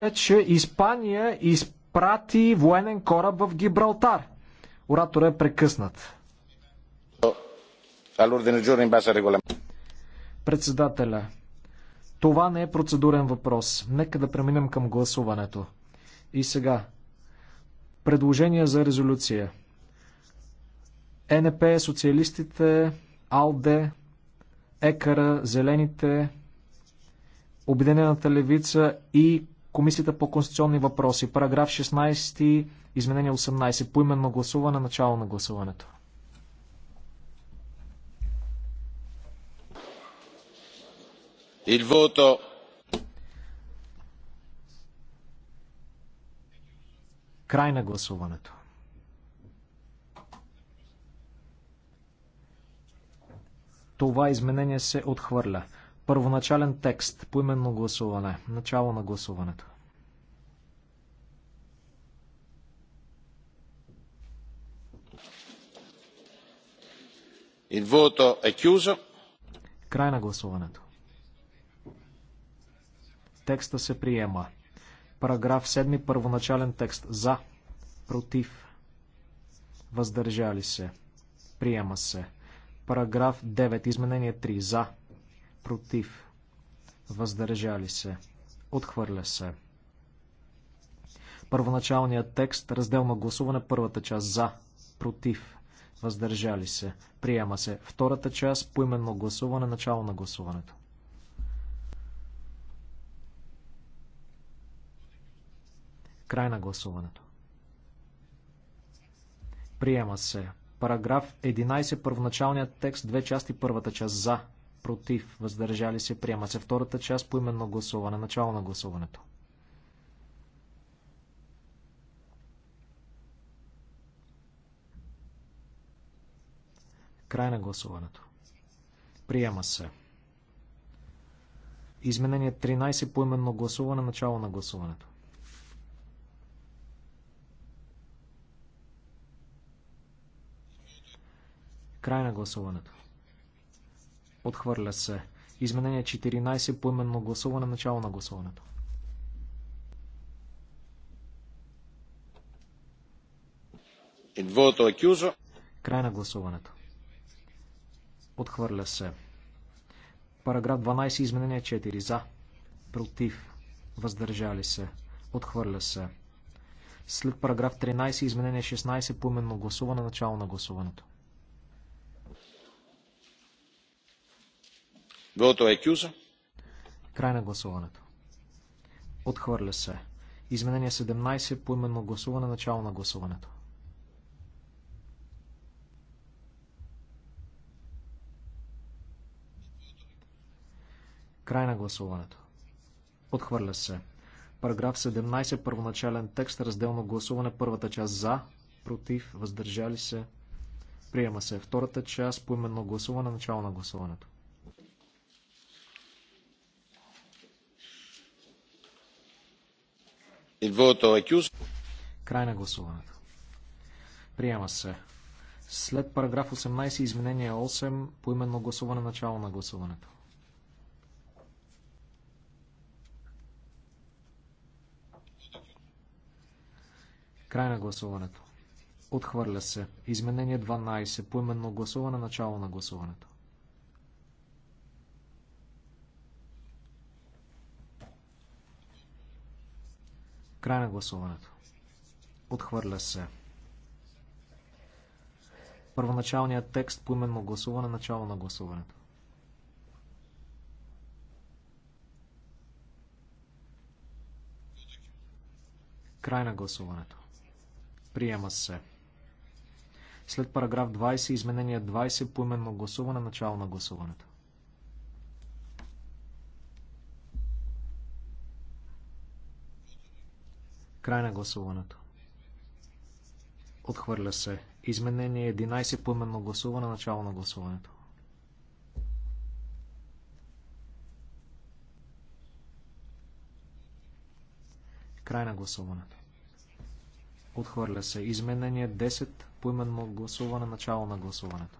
Е, че Испания изпрати военен кораб в Гибралтар. Оратор е прекъснат. Председателя, това не е процедурен въпрос. Нека да преминем към гласуването. И сега, предложение за резолюция. Е НП, социалистите, АЛДЕ, ЕКАРА, Зелените, Обединената левица и Комисията по конституционни въпроси. Параграф 16, изменение 18. Поименно гласуване, начало на гласуването. Il voto. Край на гласуването. Това изменение се отхвърля. Първоначален текст, поименно гласуване, начало на гласуването. Il voto è chiuso. Край на гласуването. Текста се приема. Параграф 7, първоначален текст. За, против, въздържали се. Приема се. Параграф 9, изменение 3. За, против, въздържали се. Отхвърля се. Първоначалният текст, разделно гласуване, първата част. За, против, въздържали се, приема се. Втората част, по именно гласуване, начало на гласуването. Край на гласуването. Приема се. Параграф 11, първоначалният текст, две части, първата част за, против, въздържали се, приема се. Втората част, по именно гласуване, начало на гласуването. Край на гласуването. Приема се. Изменение 13 по именно гласуване, начало на гласуването. Край на гласуването. Отхвърля се. Изменение 14 по именно гласуване, начало на гласуването. Край на гласуването. Отхвърля се. Параграф 12, изменение 4. За. Против. Въздържали се. Отхвърля се. След параграф 13, изменение 16, поименно гласуване, начало на гласуването. Вото е кюза. Край на гласуването. Отхвърля се. Изменение 17, поименно гласуване, начало на гласуването. Край на гласуването. Отхвърля се. Параграф 17, първоначален текст, разделно гласуване, първата част за, против, въздържали се. Приема се. Втората част, поименно гласуване, начало на гласуването. Край на гласуването. Приема се. След параграф 18, изменение 8, поименно гласуване, начало на гласуването. Край на гласуването. Отхвърля се. Изменение 12. Поименно гласуване. Начало на гласуването. Край на гласуването. Отхвърля се. Първоначалният текст по именно гласуване, начало на гласуването. Край на гласуването. Приема се. След параграф 20, изменение 20, поименно гласуване, начало на гласуването. Край на гласуването. Отхвърля се. Изменение 11, поименно гласуване, начало на гласуването. Край на гласуването. Отхвърля се. Изменение 10. Поименно гласуване. Начало на гласуването.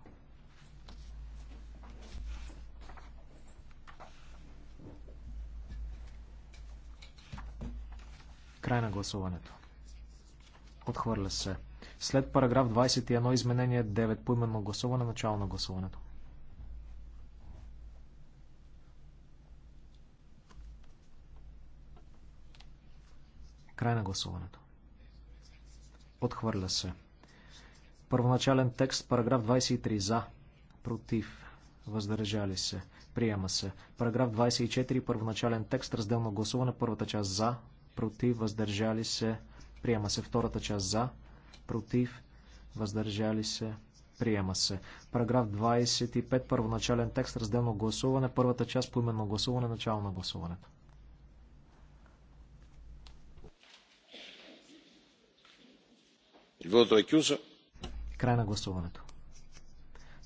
Край на гласуването. Отхвърля се. След параграф 21 изменение 9 по именно гласуване, начало на гласуването. Край на гласуването. Отхвърля се. Първоначален текст, параграф 23 за, против, въздържали се. Приема се. Параграф 24, първоначален текст, разделно гласуване, първата част за, против, въздържали се. Приема се втората част за, против, въздържали се. Приема се. Параграф 25, първоначален текст, разделно гласуване, първата част по именно гласуване, начало на гласуването. Край на гласуването.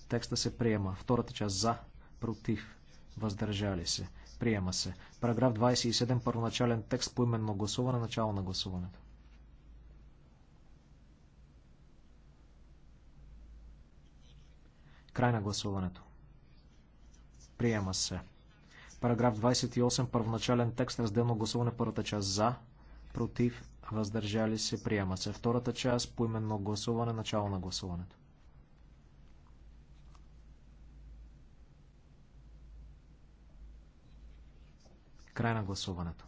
Текста се приема. Втората част за, против, въздържали се. Приема се. Параграф 27, първоначален текст по именно гласуване, начало на гласуването. Край на гласуването. Приема се. Параграф 28, първоначален текст, разделно гласуване, първата част за, против, въздържали се, приема се. Втората част по именно гласуване, начало на гласуването. Край на гласуването.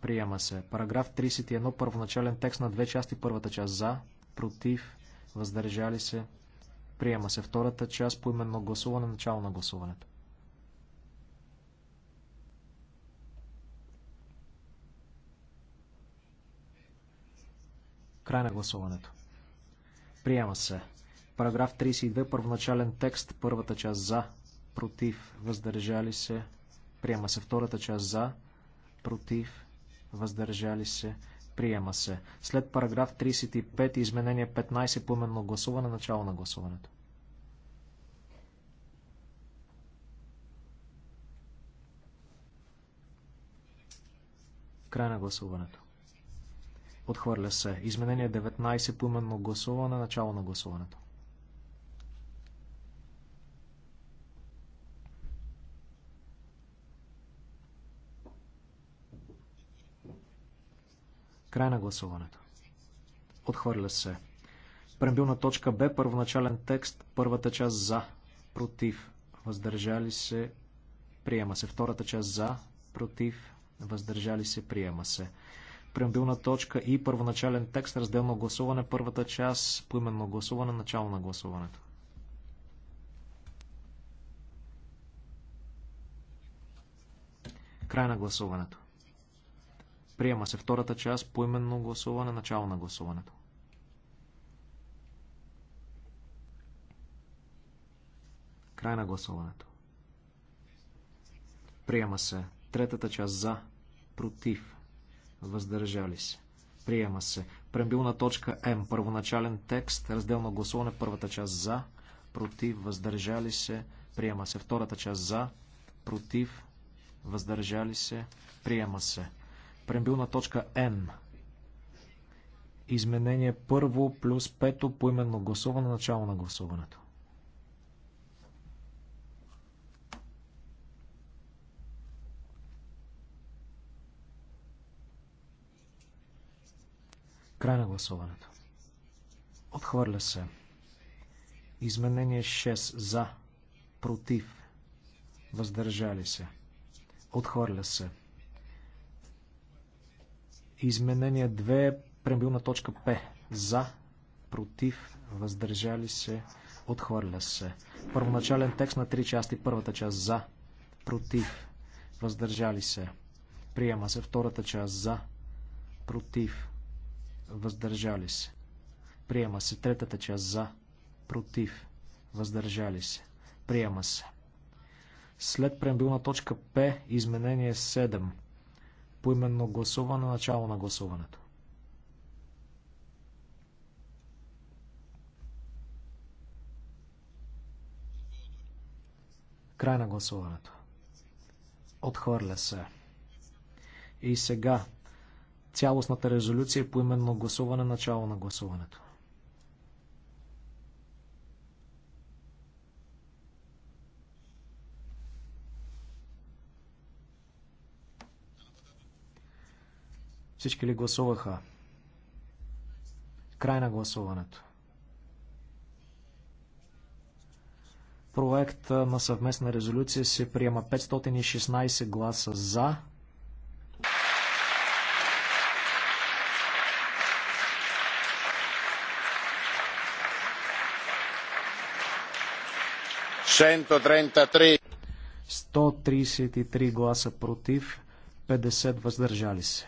Приема се. Параграф 31, първоначален текст на две части. Първата част за, против, въздържали се. Приема се. Втората част по именно гласуване, начало на гласуването. Край на гласуването. Приема се. Параграф 32, първоначален текст, първата част за, против, въздържали се. Приема се втората част за, против, въздържали се. Приема се. След параграф 35, изменение 15, поименно гласуване, начало на гласуването. Край на гласуването. Отхвърля се. Изменение 19 по именно гласуване. Начало на гласуването. Край на гласуването. Отхвърля се. Прембилна точка Б. Първоначален текст. Първата част за. Против. Въздържали се. Приема се. Втората част за. Против. Въздържали се. Приема се преамбилна точка и първоначален текст, разделно гласуване, първата част, поименно гласуване, начало на гласуването. Край на гласуването. Приема се втората част, поименно гласуване, начало на гласуването. Край на гласуването. Приема се третата част за, против, въздържали се. Приема се. Прембилна точка М. Първоначален текст. Разделно гласуване. Първата част за. Против. Въздържали се. Приема се. Втората част за. Против. Въздържали се. Приема се. Прембилна точка Н. Изменение първо плюс пето по именно гласуване. Начало на гласуването. Край на гласуването. Отхвърля се. Изменение 6 за, против, въздържали се. Отхвърля се. Изменение 2, прембилна точка П. За, против, въздържали се, отхвърля се. Първоначален текст на три части. Първата част за, против, въздържали се. Приема се втората част за, против, въздържали се. Приема се третата част за, против, въздържали се. Приема се. След преамбилна точка П, изменение 7. Поименно гласуване, начало на гласуването. Край на гласуването. Отхвърля се. И сега цялостната резолюция по именно гласуване, начало на гласуването. Всички ли гласуваха? Край на гласуването. Проект на съвместна резолюция се приема 516 гласа за, 133. 133 гласа против, 50 въздържали се.